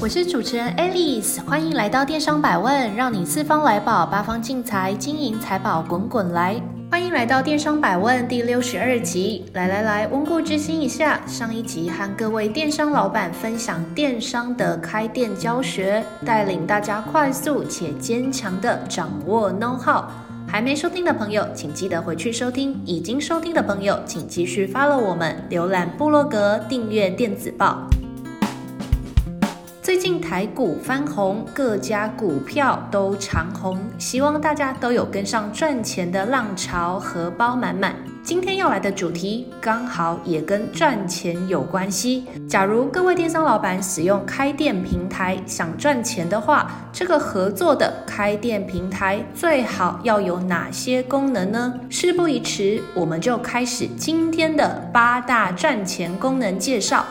我是主持人 Alice，歡迎來到電商百問，讓你四方來寶，八方進財，金銀財寶滾滾來。歡迎來到電商百問第六十二集，來來來，溫故知新一下。上一集和各位電商老闆分享電商的開店教學，帶領大家快速且堅強地掌握 know-how。還沒收聽的朋友，請記得回去收聽；已經收聽的朋友，請繼續 follow 我們，瀏覽部落格，訂閱電子報。最近台股翻紅，各家股票都長紅，希望大家都有跟上賺錢的浪潮，荷包滿滿。今天要來的主題剛好也跟賺錢有關係。假如各位電商老板使用開店平台想賺錢的話，這個合作的開店平台最好要有哪些功能呢？事不宜遲，我們就開始今天的八大賺錢功能介紹。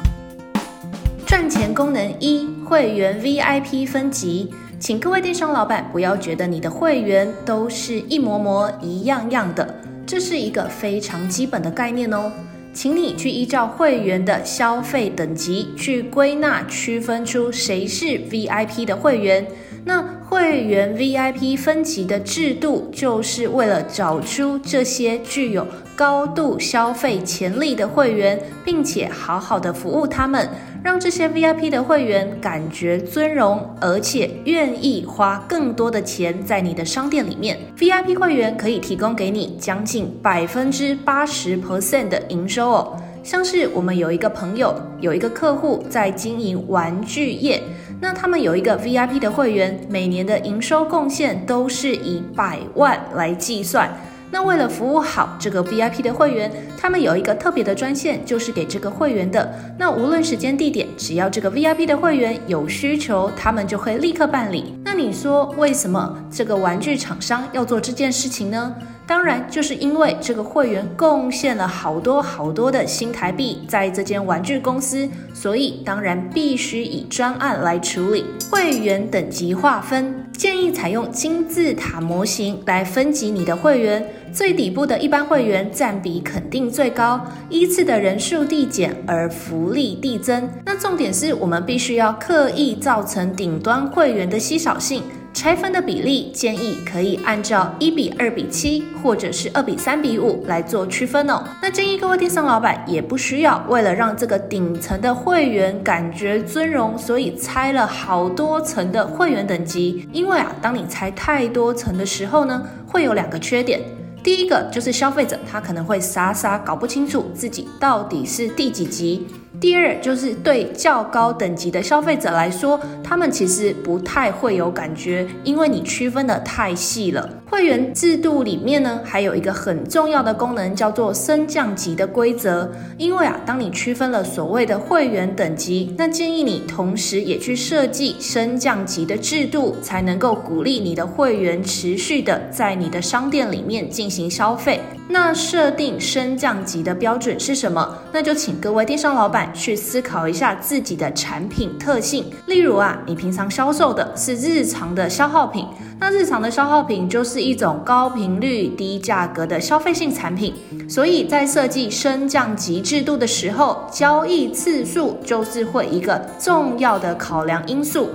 賺錢功能一。會員 VIP 分級，請各位電商老板不要覺得你的會員都是一模模、一樣樣的，這是一個非常基本的概念哦。請你去依照會員的消費等級去歸納、區分出誰是 VIP 的會員。那會員 VIP 分級的制度，就是為了找出這些具有高度消費潛力的會員，並且好好的服務他們，讓這些 VIP 的會員感覺尊榮，而且願意花更多的錢在你的商店裡面。VIP 會員可以提供給你將近百分之八十 percent 的營收哦。像是我們有一個朋友，有一個客戶在經營玩具業。那他們有一個 VIP 的會員，每年的營收貢獻都是以百萬來計算。那為了服務好這個 VIP 的會員，他們有一個特別的專線，就是給這個會員的。那無論時間地點，只要這個 VIP 的會員有需求，他們就會立刻辦理。那你說為什麼這個玩具廠商要做這件事情呢？當然，就是因為這個會員貢獻了好多好多的新台幣，在這間玩具公司，所以當然必須以專案來處理。會員等級劃分，建議採用金字塔模型來分級你的會員，最底部的一般會員佔比肯定最高，依次的人數遞減，而福利遞增。那重點是我們必須要刻意造成頂端會員的稀少性。拆分的比例建議可以按照一比二比七，或者是二比三比五來做區分哦。那建議各位電商老闆也不需要為了讓這個頂層的會員感覺尊榮，所以拆了好多層的會員等級。因為啊，當你拆太多層的時候呢，會有兩個缺點。第一個就是消費者他可能會傻傻搞不清楚自己到底是第幾級。第二就是對較高等級的消費者來說，他們其實不太會有感覺，因為你區分的太細了。會員制度裡面呢，還有一個很重要的功能叫做升降級的規則。因為啊，當你區分了所謂的會員等級，那建議你同時也去設計升降級的制度，才能夠鼓勵你的會員持續的在你的商店裡面進行消費。那設定升降級的標準是什麼？那就請各位電商老板，去思考一下自己的產品特性，例如啊，你平常銷售的是日常的消耗品，那日常的消耗品就是一種高頻率、低價格的消費性產品，所以在設計升降級制度的時候，交易次數就是會一個重要的考量因素。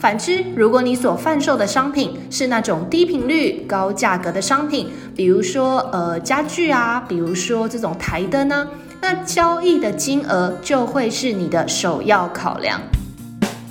反之，如果你所販售的商品是那種低頻率、高價格的商品，比如說呃家具啊，比如說這種檯燈呢、啊。那交易的金額就會是你的首要考量。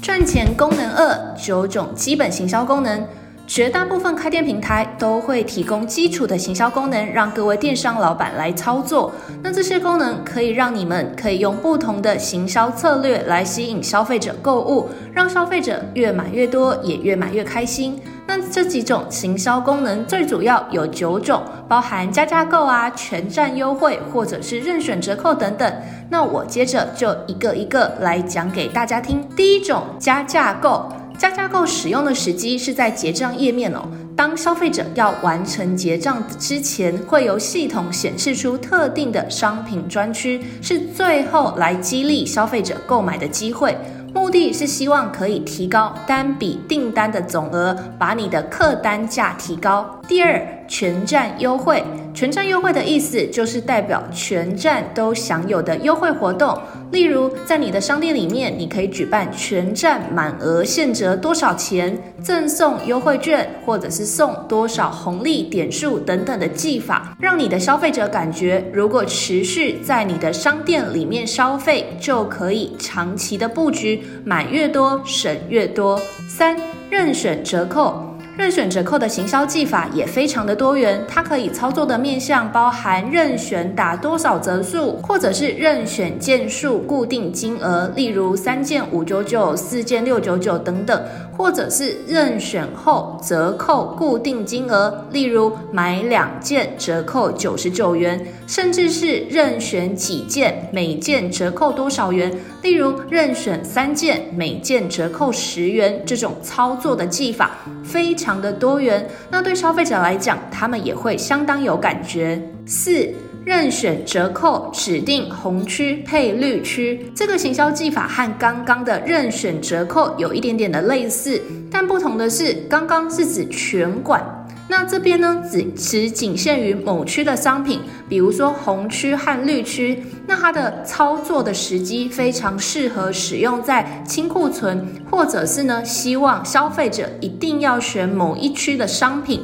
賺錢功能二，九種基本行銷功能。絕大部分開店平台都會提供基礎的行銷功能，讓各位電商老板來操作。那這些功能可以讓你們可以用不同的行銷策略來吸引消費者購物，讓消費者越買越多，也越買越開心。那這幾種行銷功能最主要有九種，包含加價購啊、全站優惠或者是任選折扣等等。那我接着就一個一個來講給大家聽。第一種，加價購。加加購使用的時機是在結賬頁面哦。當消費者要完成結賬之前，會由系統顯示出特定的商品專區，是最後來激勵消費者購買的機會。目的是希望可以提高單筆訂單的總額，把你的客單價提高。第二，全站優惠。全站優惠的意思就是代表全站都享有的優惠活動。例如，在你的商店裡面，你可以舉辦全站滿額現折多少錢，贈送優惠券，或者是送多少紅利點數等等的技法，讓你的消費者感覺，如果持續在你的商店裡面消費，就可以長期的布局，買越多省越多。三，任選折扣。任選折扣的行銷技法也非常的多元，它可以操作的面向包含任選打多少折數，或者是任選件數固定金額，例如三件五九九、四件六九九等等。或者是任選後折扣固定金額，例如買兩件折扣九十九元，甚至是任選幾件每件折扣多少元，例如任選三件每件折扣十元，這種操作的技法非常的多元，那對消費者來講，他們也會相當有感覺。四。任選折扣指定紅區配綠區，這個行銷技法和剛剛的任選折扣有一點點的類似，但不同的是，剛剛是指全館，那這邊呢只只僅限於某區的商品，比如說紅區和綠區，那它的操作的時機非常適合使用在清庫存，或者是呢希望消費者一定要選某一區的商品。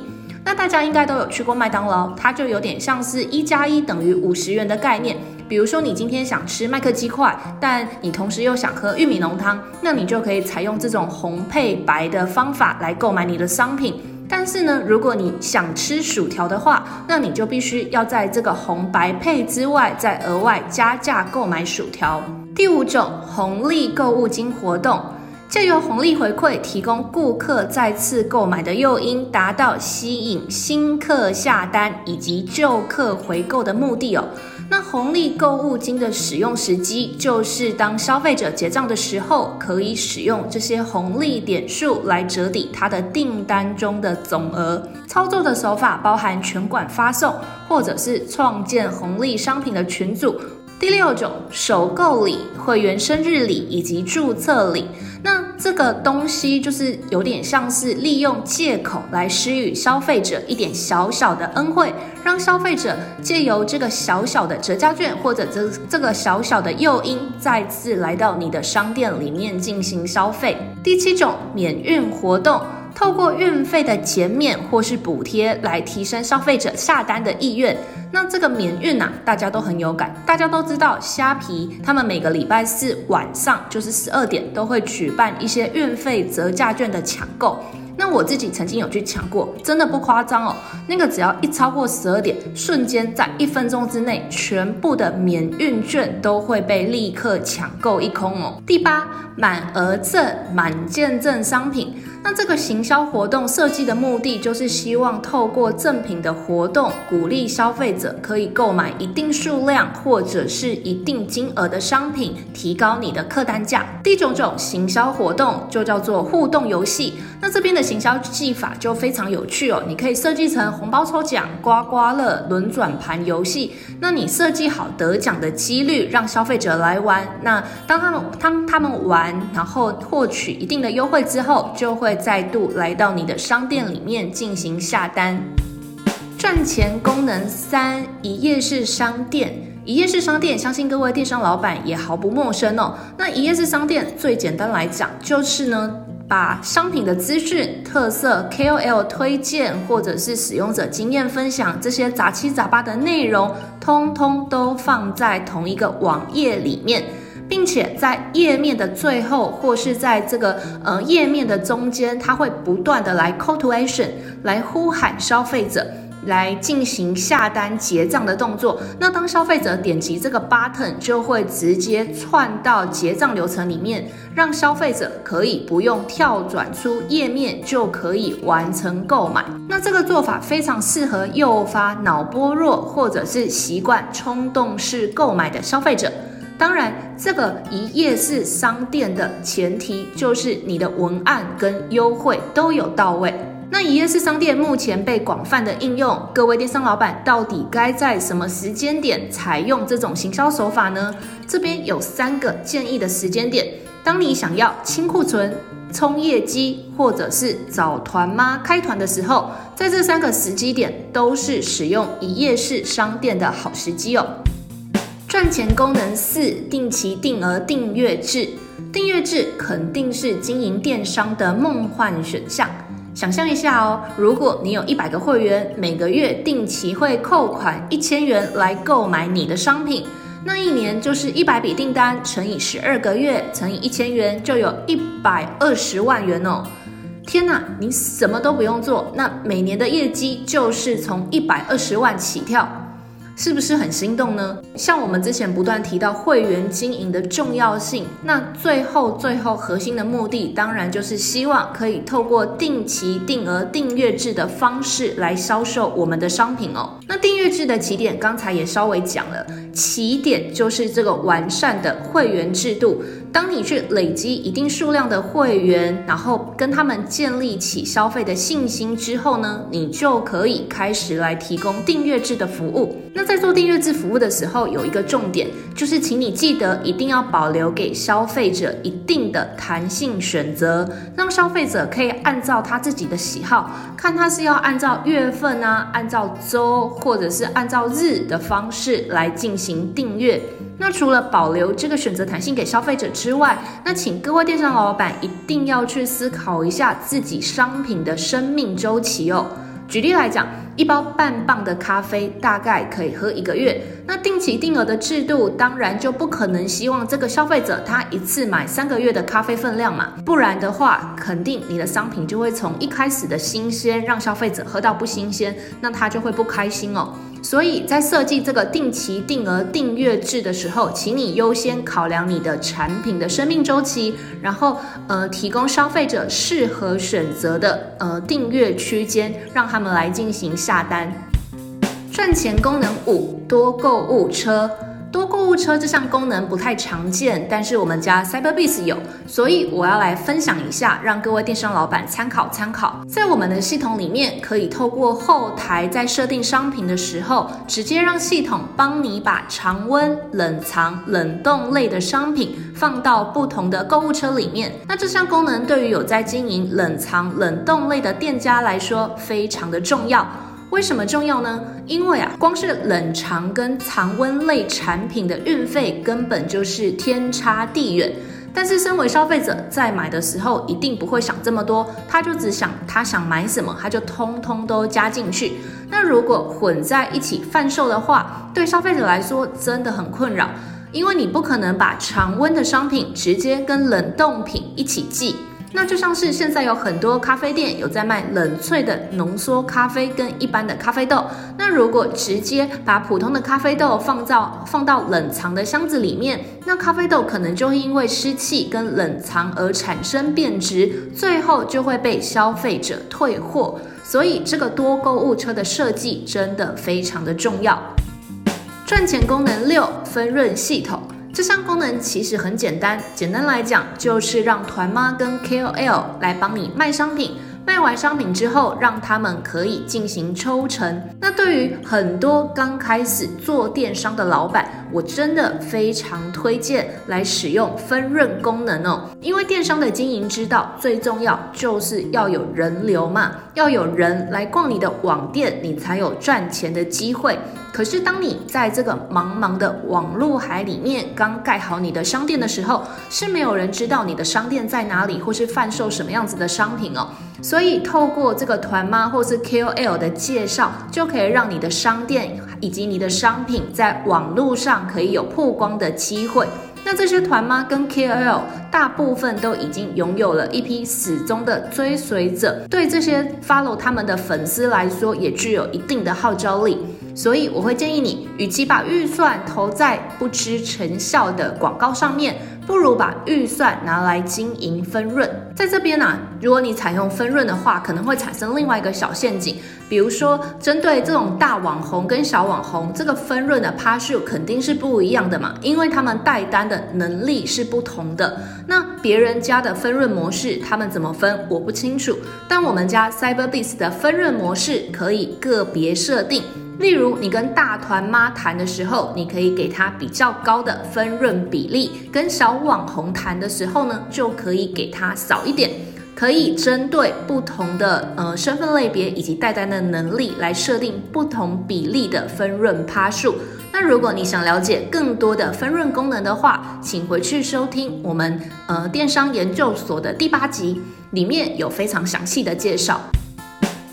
那大家應該都有去過麥當勞，它就有點像是“一加一等於五十元”的概念。比如說，你今天想吃麥克雞塊，但你同時又想喝玉米濃湯，那你就可以採用這種紅配白的方法來購買你的商品。但是呢，如果你想吃薯條的話，那你就必須要在這個紅白配之外再額外加價購買薯條。第五種，紅利購物金活動。借由紅利回饋，提供顧客再次購買的誘因，達到吸引新客下單以及舊客回購的目的哦。那紅利購物金的使用時機，就是當消費者結賬的時候，可以使用這些紅利點數來折抵他的訂單中的總額。操作的手法包含全館發送，或者是創建紅利商品的群組。第六種，首購禮、會員生日禮以及註冊禮，那這個東西就是有點像是利用借口來施予消費者一點小小的恩惠，讓消費者借由這個小小的折價券或者這這個小小的誘因，再次來到你的商店裡面進行消費。第七種，免運活動。透過運費的減免或是補貼來提升消費者下單的意願。那這個免運吶、啊，大家都很有感。大家都知道蝦皮，他們每個禮拜四晚上就是十二點，都會舉辦一些運費折價券的搶購。那我自己曾經有去搶過，真的不誇張哦。那個只要一超過十二點，瞬間在一分鐘之內，全部的免運券都會被立刻搶購一空哦。第八，滿額贈滿件贈商品。那這個行銷活動設計的目的，就是希望透過贈品的活動，鼓勵消費者可以購買一定數量或者是一定金額的商品，提高你的客單價。第九種行銷活動就叫做互動遊戲。那這邊的行銷技法就非常有趣哦，你可以設計成紅包抽獎、刮刮樂、輪轉盤遊戲。那你設計好得獎的幾率，讓消費者來玩。那當他們當他們玩，然後獲取一定的優惠之後，就會再度來到你的商店裡面進行下單。賺錢功能三：一頁式商店。一頁式商店，相信各位電商老板也毫不陌生哦。那一頁式商店最簡單來講，就是呢。把商品的資訊、特色、KOL 推薦，或者是使用者經驗分享這些雜七雜八的內容，通通都放在同一個網頁裡面，並且在頁面的最後，或是在這個呃頁面的中間，它會不斷的來 call to action，來呼喊消費者。來進行下單結賬的動作。那當消費者點擊這個 button，就會直接串到結賬流程裡面，讓消費者可以不用跳轉出頁面就可以完成購買。那這個做法非常適合誘發腦波弱或者是習慣衝動式購買的消費者。當然，這個一頁式商店的前提就是你的文案跟優惠都有到位。那一頁式商店目前被廣泛的應用，各位電商老闆到底該在什麼時間點採用這種行銷手法呢？這邊有三個建議的時間點：當你想要清庫存、衝業績，或者是找團媽開團的時候，在這三個時機點都是使用一頁式商店的好時機哦。賺錢功能四：定期定額訂閱制。訂閱制肯定是經營電商的夢幻選項。想象一下哦，如果你有一百個會員每個月定期會扣款一千元來購買你的商品，那一年就是一百筆訂單乘以十二個月乘以一千元，就有一百二十萬元哦。天哪，你什麼都不用做，那每年的業績就是從一百二十萬起跳。是不是很心動呢？像我們之前不斷提到會員經營的重要性，那最後最後核心的目的，當然就是希望可以透過定期定額訂閱制的方式來銷售我們的商品哦。那訂閱制的起點，剛才也稍微講了，起點就是這個完善的會員制度。當你去累積一定數量的會員，然後跟他們建立起消費的信心之後呢，你就可以開始來提供訂閱制的服務。那在做訂閱制服務的時候，有一個重點，就是請你記得一定要保留給消費者一定的彈性選擇，讓消費者可以按照他自己的喜好，看他是要按照月份啊，按照周或者是按照日的方式來進行訂閱。那除了保留這個選擇彈性給消費者之外，那請各位電商老闆一定要去思考一下自己商品的生命周期哦。舉例來講。一包半磅的咖啡大概可以喝一個月。那定期定額的制度，當然就不可能希望這個消費者他一次買三個月的咖啡分量嘛。不然的話，肯定你的商品就會從一開始的新鮮，讓消費者喝到不新鮮，那他就會不開心哦。所以在設計這個定期定額訂閱制的時候，請你優先考量你的產品的生命週期，然後呃，提供消費者適合選擇的呃訂閱區間，讓他們來進行。下單。賺錢功能五，多購物車，多購物車這項功能不太常見，但是我們家 CYBERBIZ 有，所以我要來分享一下，讓各位電商老板參考參考。在我們的系統裡面，可以透過後台在設定商品的時候，直接讓系統幫你把常溫、冷藏、冷凍類的商品放到不同的購物車裡面。那這項功能對於有在經營冷藏、冷凍類的店家來說，非常的重要。為什麼重要呢？因為啊，光是冷藏跟常溫類產品的運費根本就是天差地遠。但是，身為消費者在買的時候，一定不會想這麼多，他就只想他想買什麼，他就通通都加進去。那如果混在一起販售的話，對消費者來說真的很困擾，因為你不可能把常溫的商品直接跟冷凍品一起寄。那就像是現在有很多咖啡店有在賣冷萃的濃縮咖啡跟一般的咖啡豆。那如果直接把普通的咖啡豆放到放到冷藏的箱子裡面，那咖啡豆可能就會因為濕氣跟冷藏而產生變質，最後就會被消費者退貨。所以這個多購物車的設計真的非常的重要。賺錢功能六，分潤系統。這項功能其實很簡單，簡單來講就是讓團媽跟 KOL 來幫你賣商品，賣完商品之後，讓他們可以進行抽成。那對於很多剛開始做電商的老闆，我真的非常推薦來使用分潤功能哦，因為電商的經營之道最重要就是要有人流嘛，要有人來逛你的網店，你才有賺錢的機會。可是，當你在這個茫茫的網路海裡面剛蓋好你的商店的時候，是沒有人知道你的商店在哪裡，或是販售什麼樣子的商品哦。所以，透過這個團媽或是 KOL 的介紹，就可以讓你的商店以及你的商品在網路上可以有曝光的機會。那這些團媽跟 KOL 大部分都已經擁有了一批死忠的追隨者，對這些 follow 他們的粉絲來說，也具有一定的號召力。所以我會建議你，與其把預算投在不知成效的廣告上面，不如把預算拿來經營分潤。在這邊啊，如果你採用分潤的話，可能會產生另外一個小陷阱。比如說，針對這種大網紅跟小網紅，這個分潤的趴 a t 肯定是不一樣的嘛，因為他們帶單的能力是不同的。那別人家的分潤模式他們怎麼分，我不清楚，但我們家 CyberBase 的分潤模式可以個別設定。例如，你跟大團媽談的時候，你可以給他比較高的分潤比例；跟小網紅談的時候呢，就可以給他少一點。可以針對不同的呃身份類別以及帶單的能力來設定不同比例的分潤趴數。那如果你想了解更多的分潤功能的話，請回去收聽我們呃電商研究所的第八集，裡面有非常詳細的介紹。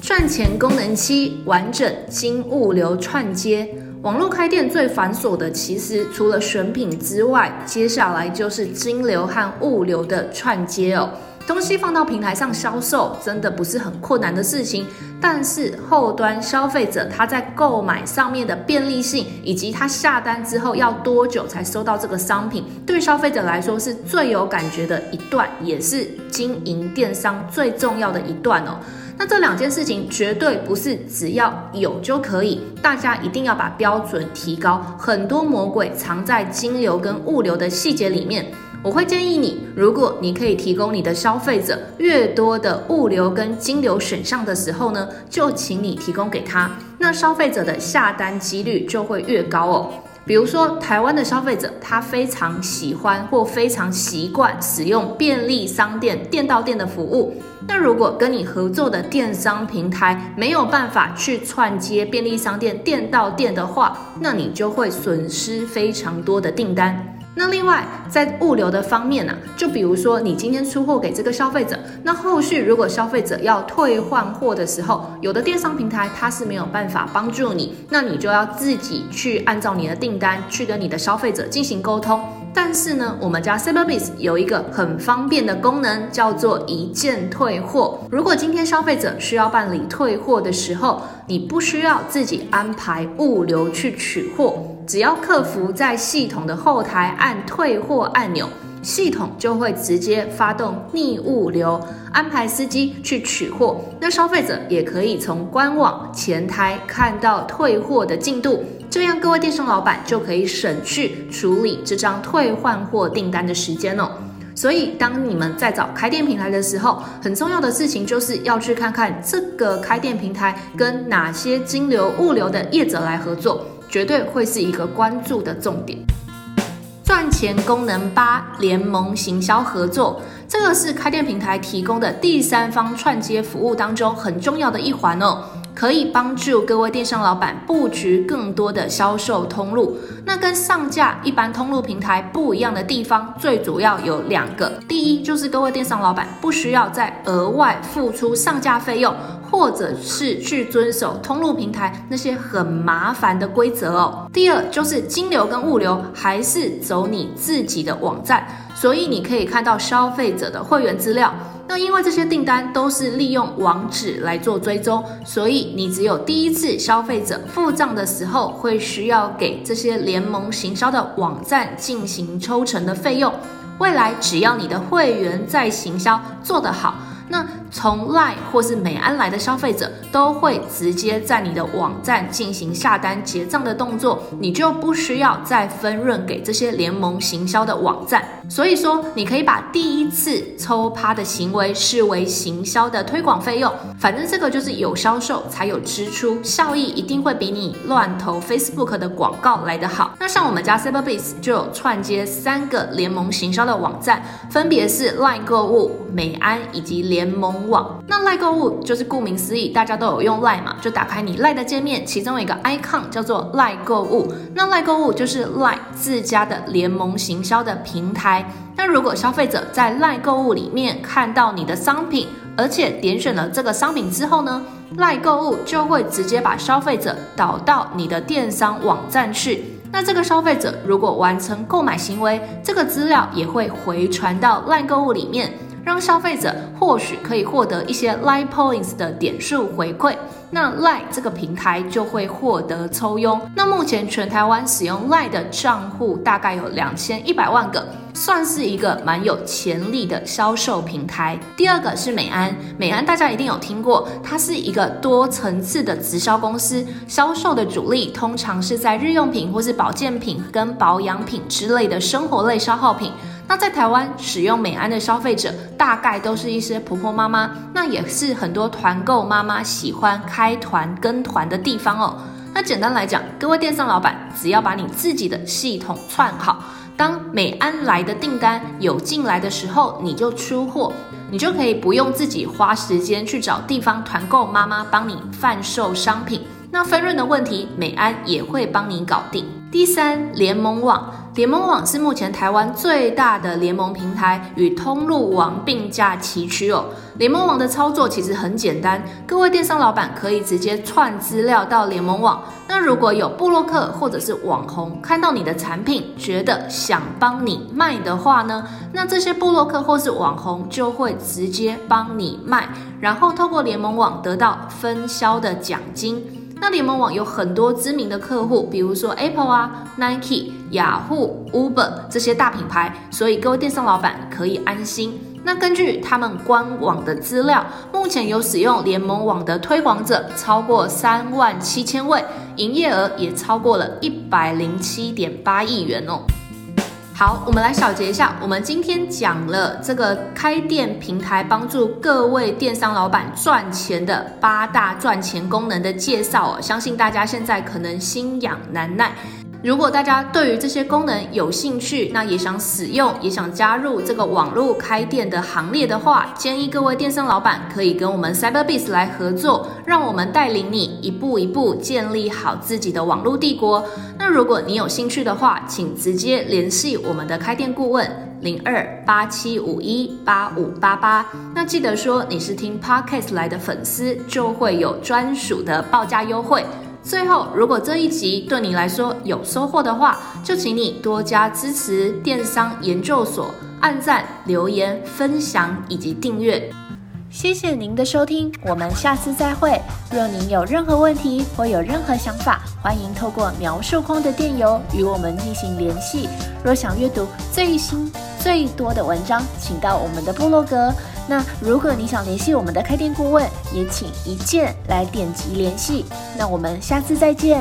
賺錢功能，七完整金物流串接。網絡開店最繁瑣的，其實除了選品之外，接下來就是金流和物流的串接哦。東西放到平台上銷售，真的不是很困難的事情。但是後端消費者他在購買上面的便利性，以及他下單之後要多久才收到這個商品，對消費者來說是最有感覺的一段，也是經營電商最重要的一段哦。那這兩件事情絕對不是只要有就可以，大家一定要把標準提高。很多魔鬼藏在金流跟物流的細節裡面。我會建議你，如果你可以提供你的消費者越多的物流跟金流選項的時候呢，就請你提供給他，那消費者的下單幾率就會越高哦。比如說，台灣的消費者他非常喜歡或非常習慣使用便利商店店到店的服務。那如果跟你合作的電商平台沒有辦法去串接便利商店店到店的話，那你就會損失非常多的訂單。那另外，在物流的方面呢、啊，就比如說你今天出貨給這個消費者，那後續如果消費者要退換貨的時候，有的電商平台它是沒有辦法幫助你，那你就要自己去按照你的訂單去跟你的消費者進行溝通。但是呢，我們家 CYBERBIZ 有一個很方便的功能，叫做一鍵退貨。如果今天消費者需要辦理退貨的時候，你不需要自己安排物流去取貨。只要客服在系統的後台按退貨按鈕，系統就會直接發動逆物流，安排司機去取貨。那消費者也可以從官網前台看到退貨的進度，這樣各位電商老闆就可以省去處理這張退換貨訂單的時間哦。所以，當你們在找開店平台的時候，很重要的事情就是要去看看這個開店平台跟哪些金流、物流的業者來合作。絕對會是一個關注的重點。賺錢功能八，聯盟行銷合作，這個是開店平台提供的第三方串接服務當中很重要的一環哦，可以幫助各位電商老闆布局更多的銷售通路。那跟上架一般通路平台不一樣的地方，最主要有兩個，第一就是各位電商老闆不需要再額外付出上架費用。或者是去遵守通路平台那些很麻煩的規則哦。第二，就是金流跟物流還是走你自己的網站，所以你可以看到消費者的會員資料。那因為這些訂單都是利用網址來做追蹤，所以你只有第一次消費者付賬的時候會需要給這些聯盟行銷的網站進行抽成的費用。未來只要你的會員在行銷做得好，那。從 LINE 或是美安來的消費者都會直接在你的網站進行下單結賬的動作，你就不需要再分潤給這些聯盟行銷的網站。所以說，你可以把第一次抽趴的行為視為行銷的推廣費用。反正這個就是有銷售才有支出，效益一定會比你亂投 Facebook 的廣告來得好。那像我們家 CYBERBIZ 就有串接三個聯盟行銷的網站，分別是 LINE 購物、美安以及聯盟。網。那 LINE 購物就是顧名思義，大家都有用 LINE 嘛，就打開你 LINE 的界面，其中一個 icon 叫做 LINE 購物。那 LINE 購物就是 LINE 自家的聯盟行銷的平台。那如果消費者在 LINE 購物裡面看到你的商品，而且點選了這個商品之後呢，LINE 購物就會直接把消費者導到你的電商網站去。那這個消費者如果完成購買行為，這個資料也會回傳到 LINE 購物裡面。讓消費者或許可以獲得一些 LINE Points 的點數回饋，那 LINE 這個平台就會獲得抽佣。那目前全台灣使用 LINE 的賬戶大概有兩千一百萬個，算是一個蠻有潛力的銷售平台。第二個是美安，美安大家一定有聽過，它是一個多層次的直銷公司，銷售的主力通常是在日用品或是保健品跟保養品之類的生活類消耗品。那在台灣使用美安的消費者大概都是一些婆婆媽媽，那也是很多團購媽媽喜歡開團跟團的地方哦。那簡單來講，各位電商老闆，只要把你自己的系統串好，當美安來的訂單有進來的時候，你就出貨，你就可以不用自己花時間去找地方團購媽媽幫你販售商品。那分潤的問題，美安也會幫你搞定。第三，聯盟網。聯盟網是目前台灣最大的聯盟平台，與通路王並駕齊驅哦。聯盟網的操作其實很簡單，各位電商老闆可以直接串資料到聯盟網。那如果有部落客或者是網紅看到你的產品，覺得想幫你賣的話呢，那這些部落客或是網紅就會直接幫你賣，然後透過聯盟網得到分銷的獎金。那聯盟網有很多知名的客戶，比如說 Apple 啊、Nike、雅虎、Uber 這些大品牌，所以各位電商老闆可以安心。那根據他們官網的資料，目前有使用聯盟網的推廣者超過三萬七千位，營業額也超過了一百零七點八億元哦。好，我們來小結一下，我們今天講了這個開店平台幫助各位電商老板賺錢的八大賺錢功能的介紹，相信大家現在可能心癢難耐。如果大家對於這些功能有興趣，那也想使用，也想加入這個網絡開店的行列的話，建議各位電商老板可以跟我們 Cyberbiz 來合作，讓我們帶領你一步一步建立好自己的網絡帝國。那如果你有興趣的話，請直接聯繫我們的開店顧問零二八七五一八五八八。那記得說你是聽 Podcast 來的粉絲，就會有專屬的報價優惠。最後，如果這一集對你來說有收穫的話，就請你多加支持電商研究所，按讚、留言、分享以及訂閱。謝謝您的收聽，我們下次再會。若您有任何問題或有任何想法，歡迎透過描述框的電郵與我們進行聯繫。若想閱讀最新最多的文章，請到我們的部落格。那如果你想聯繫我們的開店顧問，也請一鍵來點擊聯繫。那我們下次再見。